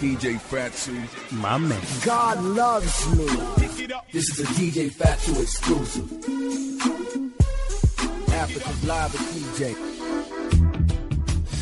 DJ Fatsu. My man. God loves me. This is a DJ Fatsu exclusive. Africa's Live with DJ.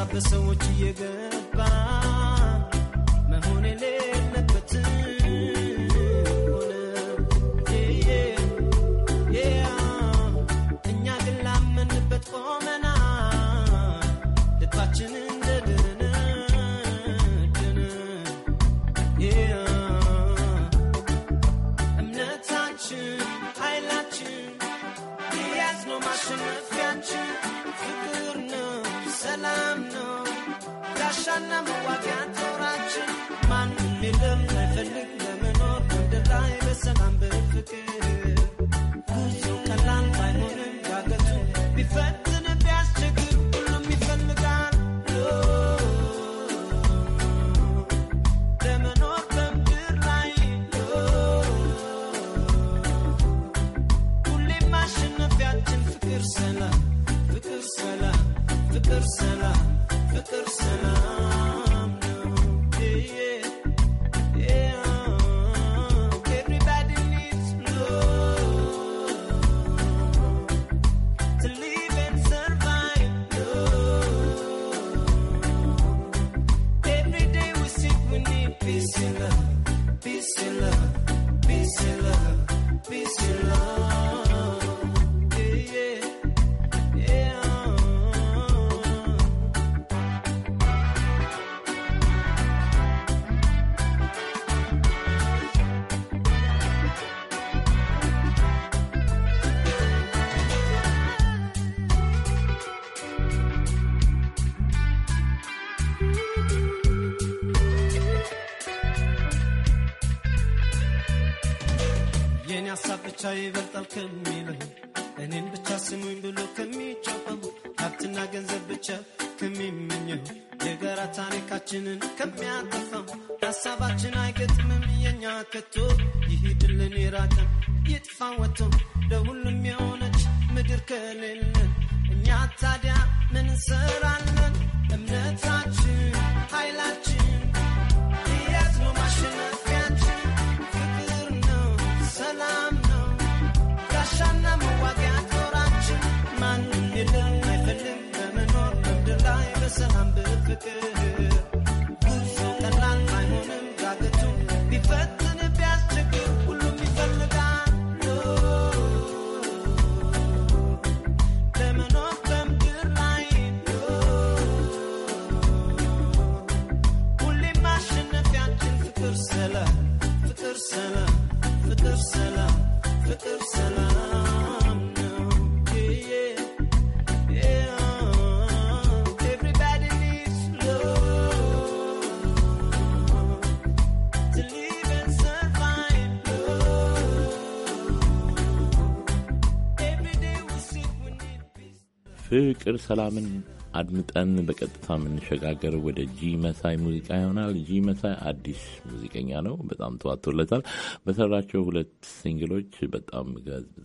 essa pressão eu te ብቻ ይበልጣል ከሚለው እኔን ብቻ ስሙኝ ብሎ ከሚጨፈሉ ሀብትና ገንዘብ ብቻ ከሚመኘው የጋራ ታሪካችንን ከሚያጠፋው ሀሳባችን አይገጥምም የኛ ከቶ ይሂድልን የራቀን ይጥፋ ወጥቶ ለሁሉም የሆነች ምድር ከሌለን እኛ ታዲያ ምን እንሰራለን እምነታችን आपके ፍቅር ሰላምን አድምጠን በቀጥታ የምንሸጋገር ወደ ጂ መሳይ ሙዚቃ ይሆናል። ጂ መሳይ አዲስ ሙዚቀኛ ነው። በጣም ተዋቶለታል። በሰራቸው ሁለት ሲንግሎች በጣም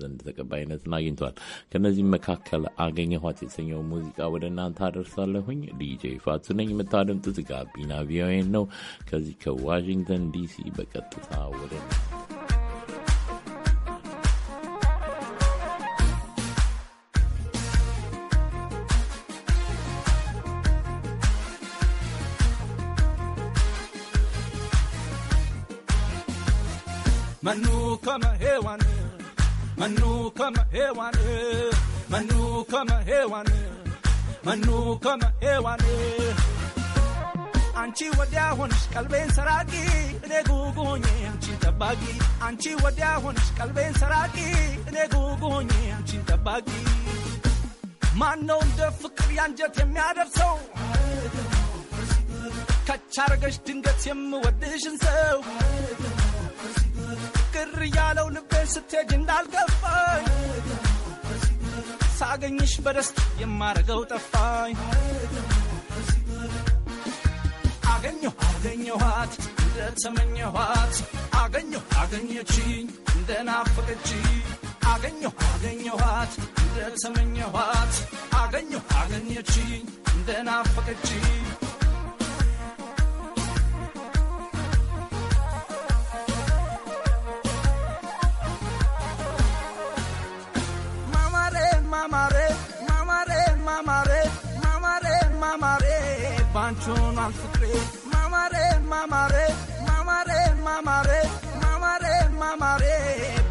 ዘንድ ተቀባይነትን አግኝተዋል። ከእነዚህም መካከል አገኘኋት የተሰኘው ሙዚቃ ወደ እናንተ አደርሳለሁኝ። ዲጄ ፋቱ ነኝ። የምታደምጡት ጋቢና ቪኦኤ ነው። ከዚህ ከዋሽንግተን ዲሲ በቀጥታ ወደ Manu kama hewani, Manu kama hewani, Manu kama hewani, Manu kama hewani. Anchi wadia honish kalben saragi, ne gugunye anchi tabagi. Anchi wadia honish kalben saragi, ne gugunye anchi tabagi. ማነው እንደ ፍቅር ያንጀት የሚያደርሰው ከቻርገሽ ድንገት የምወድሽን ሰው ቅር ያለው ልቤን ስትሄጅ እንዳልገባኝ ሳገኝሽ በደስታ የማረገው ጠፋኝ። አገኘሁ አገኘኋት እንደተመኘኋት አገኘሁ አገኘችኝ እንደናፈቀችኝ አገኘሁ አገኘኋት እንደተመኘኋት አገኘሁ አገኘችኝ እንደናፈቀችኝ ማማን ፍቅሬ ማማሬ ማማሬ ማማሬ ማማሬ ማማሬ ማማሬ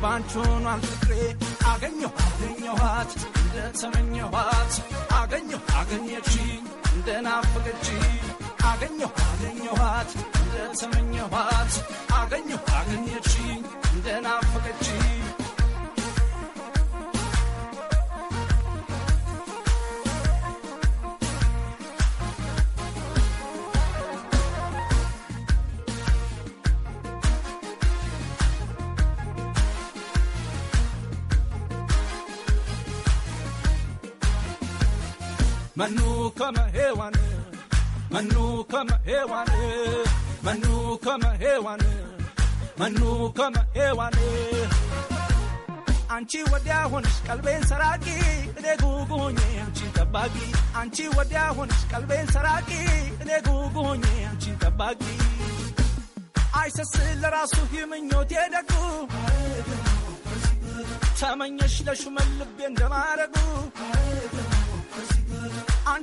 ባንቾኗን ፍቅሬ አገኘሁ አገኘኋት እንደተመኘኋት አገኘሁ አገኘችኝ እንደናፈቀችኝ አገኘሁ አገኘኋት እንደተመኘኋት አገኘሁ አገኘችኝ እንደናፈቀችኝ Manu kama hewani, manu kama hewani, manu kama hewani, manu kama hewani. Anchi wadia honish kalben saraki, ne gugunye anchi tabagi. Anchi wadia honish kalben saraki, ne gugunye anchi tabagi. Aisa sila rasu himinyo tiedagu. Tamanya shila shumal lubyen damaregu.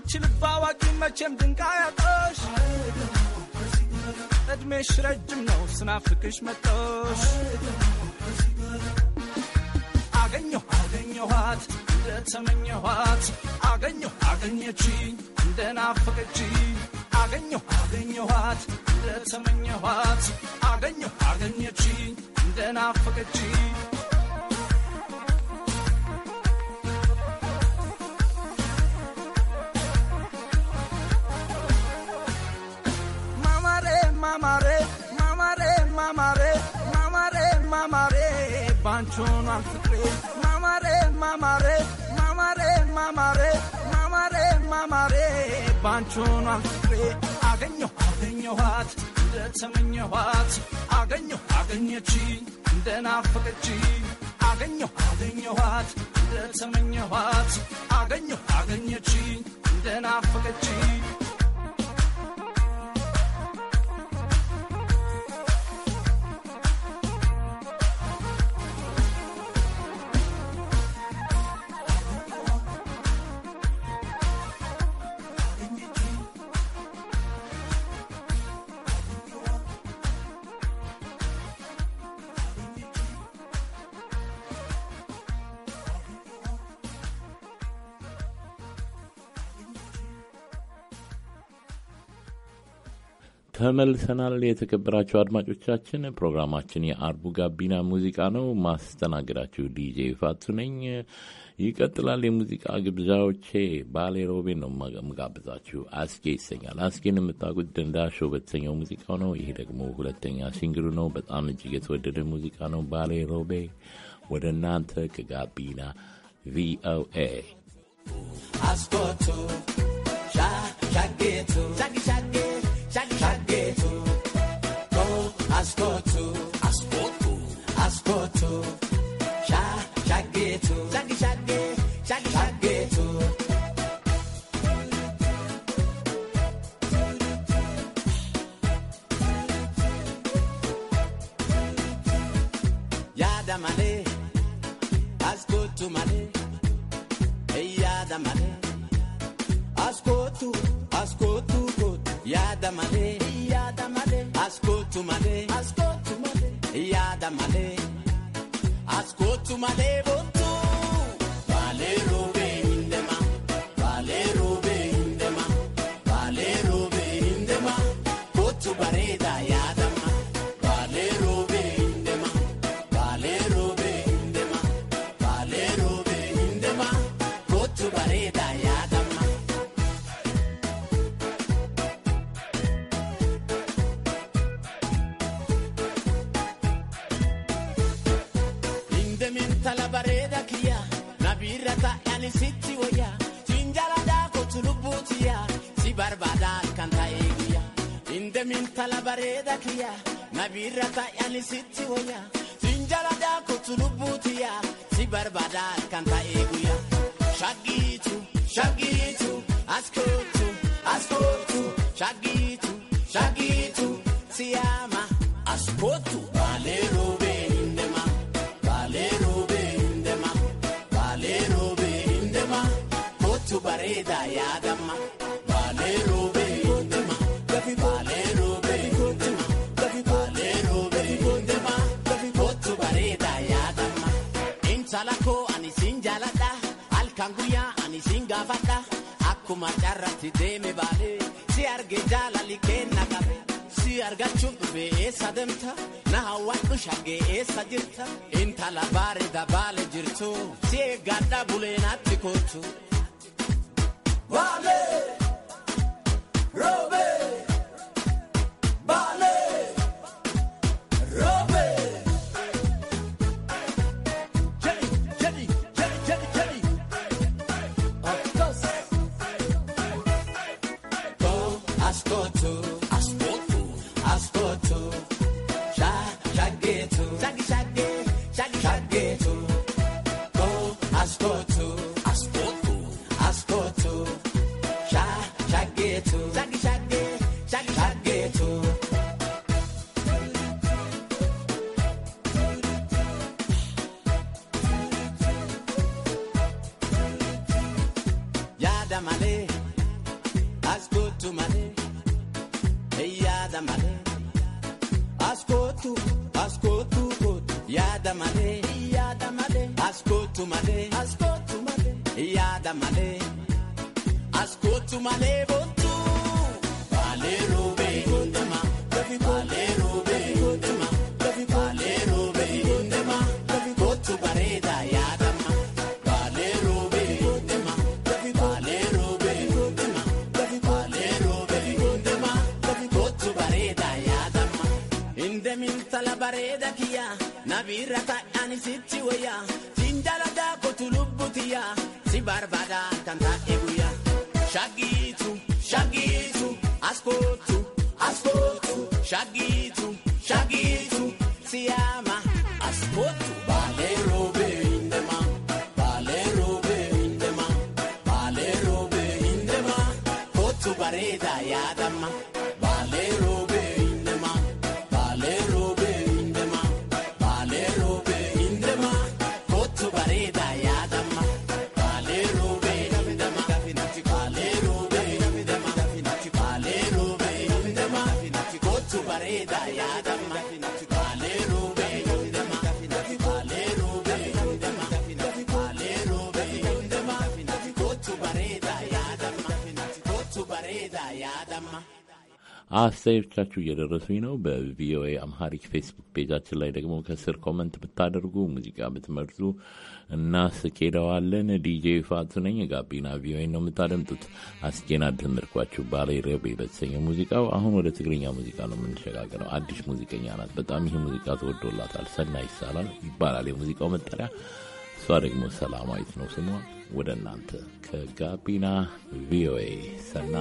አንቺ ልብ አዋቂ መቼም ድንቃ አያጣሽ እድሜሽ ረጅም ነው ስናፍቅሽ መጣሽ አገኘሁ አገኘኋት እንደተመኘኋት አገኘሁ አገኘችኝ እንደናፈቀችኝ አገኘሁ አገኘኋት እንደተመኘኋት አገኘሁ አገኘችኝ እንደናፈቀችኝ ባንቾን አፍቅሬ ማማሬ ማማሬ ማማሬ ማማሬ ማማሬ ማማሬ ባንቾን አፍቅሬ አገኘሁ አገኘኋት እንደተመኘኋት አገኘሁ አገኘችኝ እንደናፈቀችኝ አገኘሁ አገኘኋት እንደተመኘኋት አገኘሁ አገኘችኝ እንደናፈቀችኝ ተመልሰናል። የተከበራችሁ አድማጮቻችን ፕሮግራማችን የአርቡ ጋቢና ሙዚቃ ነው። ማስተናግዳችሁ ዲጄ ፋቱ ነኝ። ይቀጥላል። የሙዚቃ ግብዣዎቼ ባሌ ሮቤ ነው ምጋብዛችሁ። አስጌ ይሰኛል። አስጌን የምታውቁት ደንዳሾ በተሰኘው ሙዚቃው ነው። ይሄ ደግሞ ሁለተኛ ሲንግሉ ነው። በጣም እጅግ የተወደደ ሙዚቃ ነው። ባሌ ሮቤ ወደ እናንተ ከጋቢና ቪኦኤ sitti wayya Jinjala daakoo tulubbuutiya si barbaada kan ta'e guyya Indemin tala bareeda kiyya nabiirra ta'yani sitti wayya Jinjala daakoo tulubbuutiya si barbaada kan ta'e guyya Shagiitu shagiitu as Kumsaala koo ani siin jaaladha. Halkan guyyaa ani siin gaafadha. Akkuma carraatti deeme baalee si arge jaalali keenna qabe. Si argachuuf dhufe eessa demta Na hawwaadhu shaggee eessa jirta? Intala bareeda baale jirtu. Si eeggadha buleenatti naatti kootu. Shaggy አስተያየቶቻችሁ እየደረሱኝ ነው። በቪኦኤ አምሃሪክ ፌስቡክ ፔጃችን ላይ ደግሞ ከስር ኮመንት ብታደርጉ ሙዚቃ ብትመርጡ እናስኬደዋለን። ዲጄ ፋቱ ነኝ። ጋቢና ቪኦኤ ነው የምታደምጡት። አስጌና ድምርኳችሁ ባሌ ረብ በተሰኘ ሙዚቃው። አሁን ወደ ትግርኛ ሙዚቃ ነው የምንሸጋገረው። አዲስ ሙዚቀኛ ናት። በጣም ይህ ሙዚቃ ተወዶላታል። ሰና ይሳላል ይባላል የሙዚቃው መጠሪያ። እሷ ደግሞ ሰላማዊት ነው ስሟ። ወደ እናንተ ከጋቢና ቪኦኤ ሰና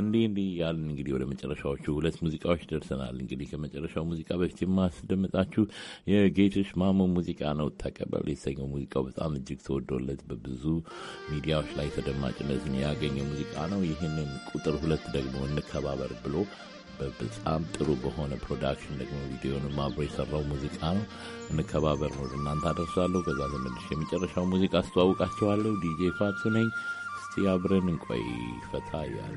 እንዲህ እንዲህ እያልን እንግዲህ ወደ መጨረሻዎቹ ሁለት ሙዚቃዎች ደርሰናል። እንግዲህ ከመጨረሻው ሙዚቃ በፊት የማስደምጣችሁ የጌቶች ማሞ ሙዚቃ ነው። ተቀበል የተሰኘው ሙዚቃው በጣም እጅግ ተወዶለት በብዙ ሚዲያዎች ላይ ተደማጭነትን ያገኘ ሙዚቃ ነው። ይህንን ቁጥር ሁለት ደግሞ እንከባበር ብሎ በጣም ጥሩ በሆነ ፕሮዳክሽን ደግሞ ቪዲዮን አብሮ የሰራው ሙዚቃ ነው። እንከባበር ነው እናንተ አደርሳለሁ። ከዛ ዘመድሽ የመጨረሻው ሙዚቃ አስተዋውቃቸዋለሁ። ዲጄ ፋቱ ነኝ። እስቲ አብረን እንቆይ ፈታ እያለ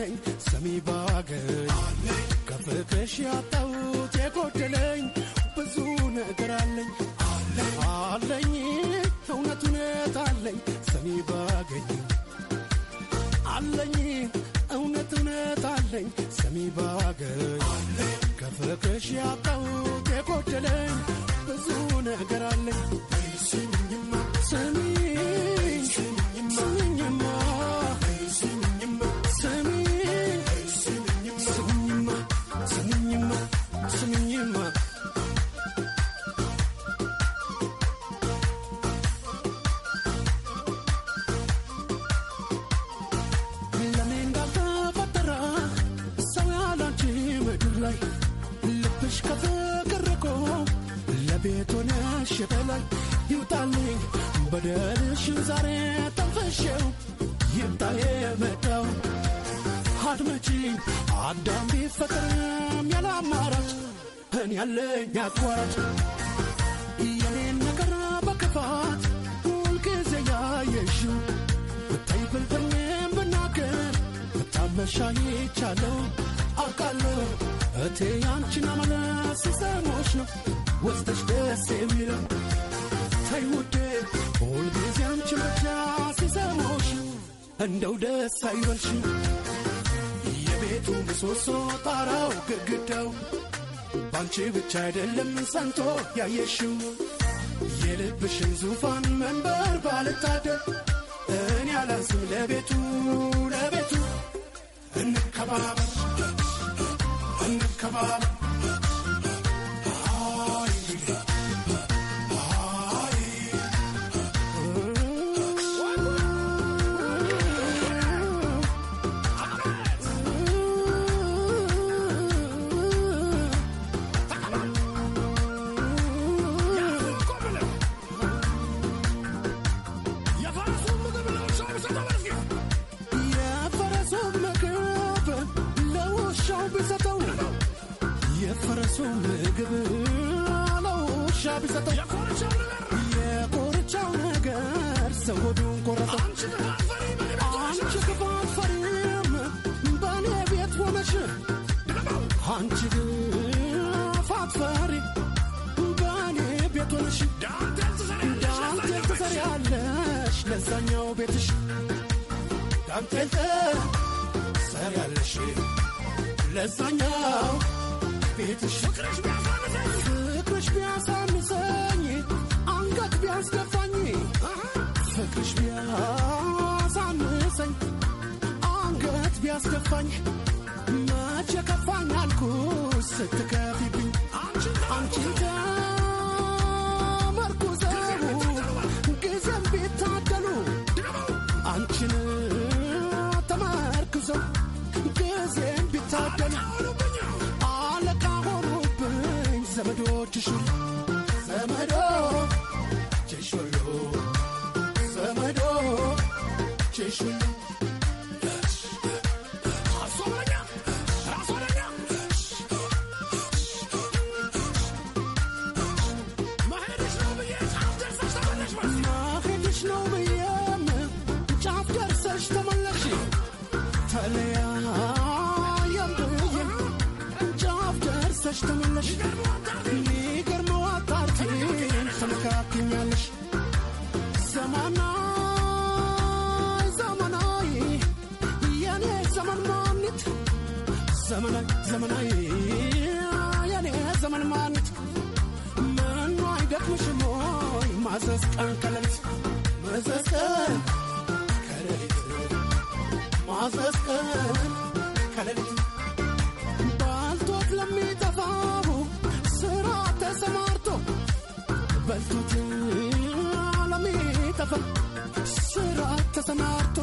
አለኝ ሰሚ ባገኝ ከፍቅሽ ያጣሁት የጎደለኝ ብዙ ነገር አለኝ አለኝ እውነት እውነት አለኝ ሰሚ ባገኝ አለኝ እውነት እውነት አለኝ ሰሚ ባገኝ ከፍቅሽ ያጣሁት የጎደለኝ ብዙ ነገር አለኝ ስሚ በደልሽን ዛሬ ተንፈሸው ይምጣ የመጣው አድመጪ አዳም ቢፈቅርም ያላማራጭ እኔ ያለኝ አቋራጭ የኔን ነገር በክፋት ሁልጊዜ ያየሽው ብታይ ፍልፍልም ብናገር ብታመሻ ይቻለው አውቃለሁ እቴ ያንቺን አመለ ሲሰሞች ነው ወስደሽ ደስ የሚለው ተይ ውዴ ሁልጊዜ አንቺን ብቻ ሲሰሙሽ እንደው ደስ አይበልሽ የቤቱ ምሰሶ ጣራው ግድግዳው ባንቺ ብቻ አይደለም ሰንቶ ያየሽው የልብሽን ዙፋን መንበር ባልታደል እኔ አላንስም ለቤቱ ለቤቱ እንከባበር እንከባበር ለዛኛው ቤትሽ ፍቅርሽ ቢያሳንሰኝ አንገት ቢያስደፋኝ ፍቅርሽ ቢያሳንሰኝ አንገት ቢያስደፋኝ መቼ ከፋኝ አልኩ ስትከፊ زبد وتشرب ተሽተኛለሽ ሚገርመው አታርቲም ተመካክኛለሽ ዘመናዊ ዘመናዊ የኔ ዘመን ማንት ዘመናዊ ዘመናዊ የኔ ዘመን ማንት ምኑ አይደክምሽም ወይ ማዘዝ ቀን ከሌሊት ማዘዝ ቀን ከሌሊት ማዘዝ ቀን Aftermath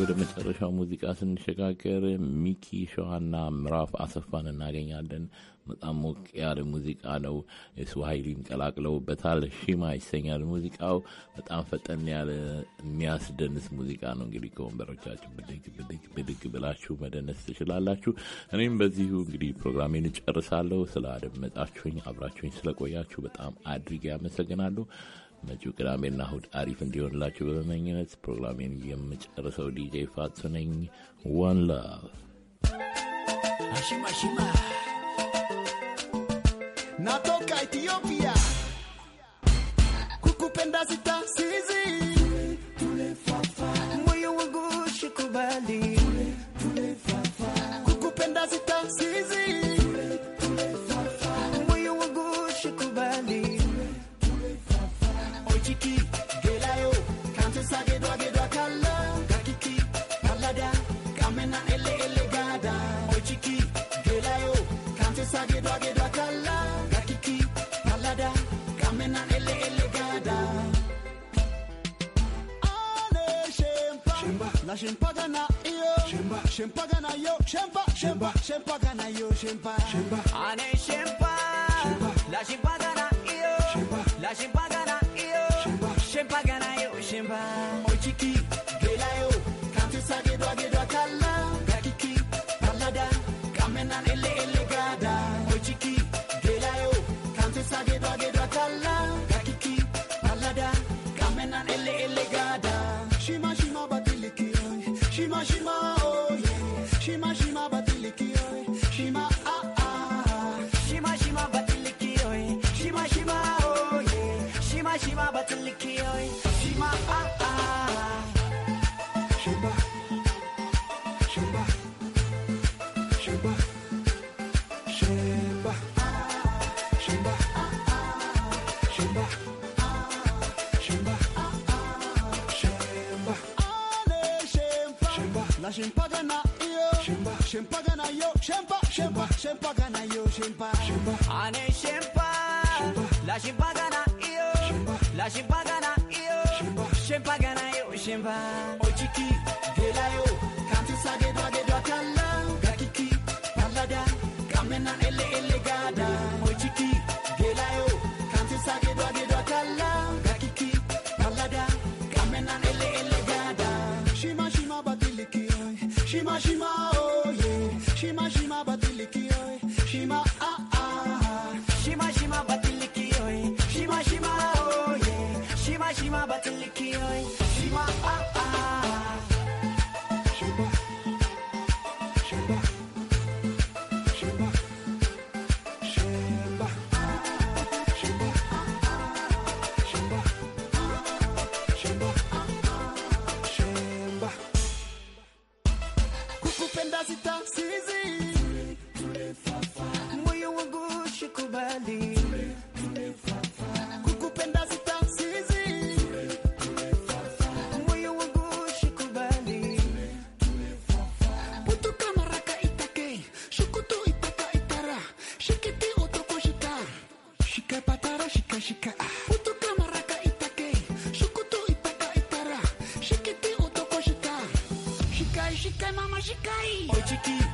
ወደ መጨረሻው ሙዚቃ ስንሸጋገር ሚኪ ሸዋና ምዕራፍ አሰፋን እናገኛለን። በጣም ሞቅ ያለ ሙዚቃ ነው። ስዋሂሊም ቀላቅለውበታል። ሺማ ይሰኛል ሙዚቃው። በጣም ፈጠን ያለ የሚያስደንስ ሙዚቃ ነው። እንግዲህ ከወንበሮቻችሁ ብድግ ብድግ ብድግ ብላችሁ መደነስ ትችላላችሁ። እኔም በዚሁ እንግዲህ ፕሮግራሜን እጨርሳለሁ። ስለ አደመጣችሁኝ፣ አብራችሁኝ ስለቆያችሁ በጣም አድርጌ ያመሰግናሉሁ መጪው ቅዳሜና እሁድ አሪፍ እንዲሆንላችሁ በመመኘት ፕሮግራሜን የምጨርሰው ዲጄ ፋቱ ነኝ። ዋን ላቭ natoka Ethiopia kukupenda sitasii Shempa gana yo, shempa, shempa, shempa gana yo, shempa. Shempa. Shimba, ane shimba, la shimba gana io, la shimba gana io, shimba gana io shimba. Ojiki, gela yo, kanti sage dwa de dwa kala, gakiki, palada, kamena ele ele gada. Ojiki, gela yo, kanti sage dwa de dwa kala, gakiki, palada, kamena ele ele gada. Shima shima batiliki, shima shima. shi kai. Oi ciki.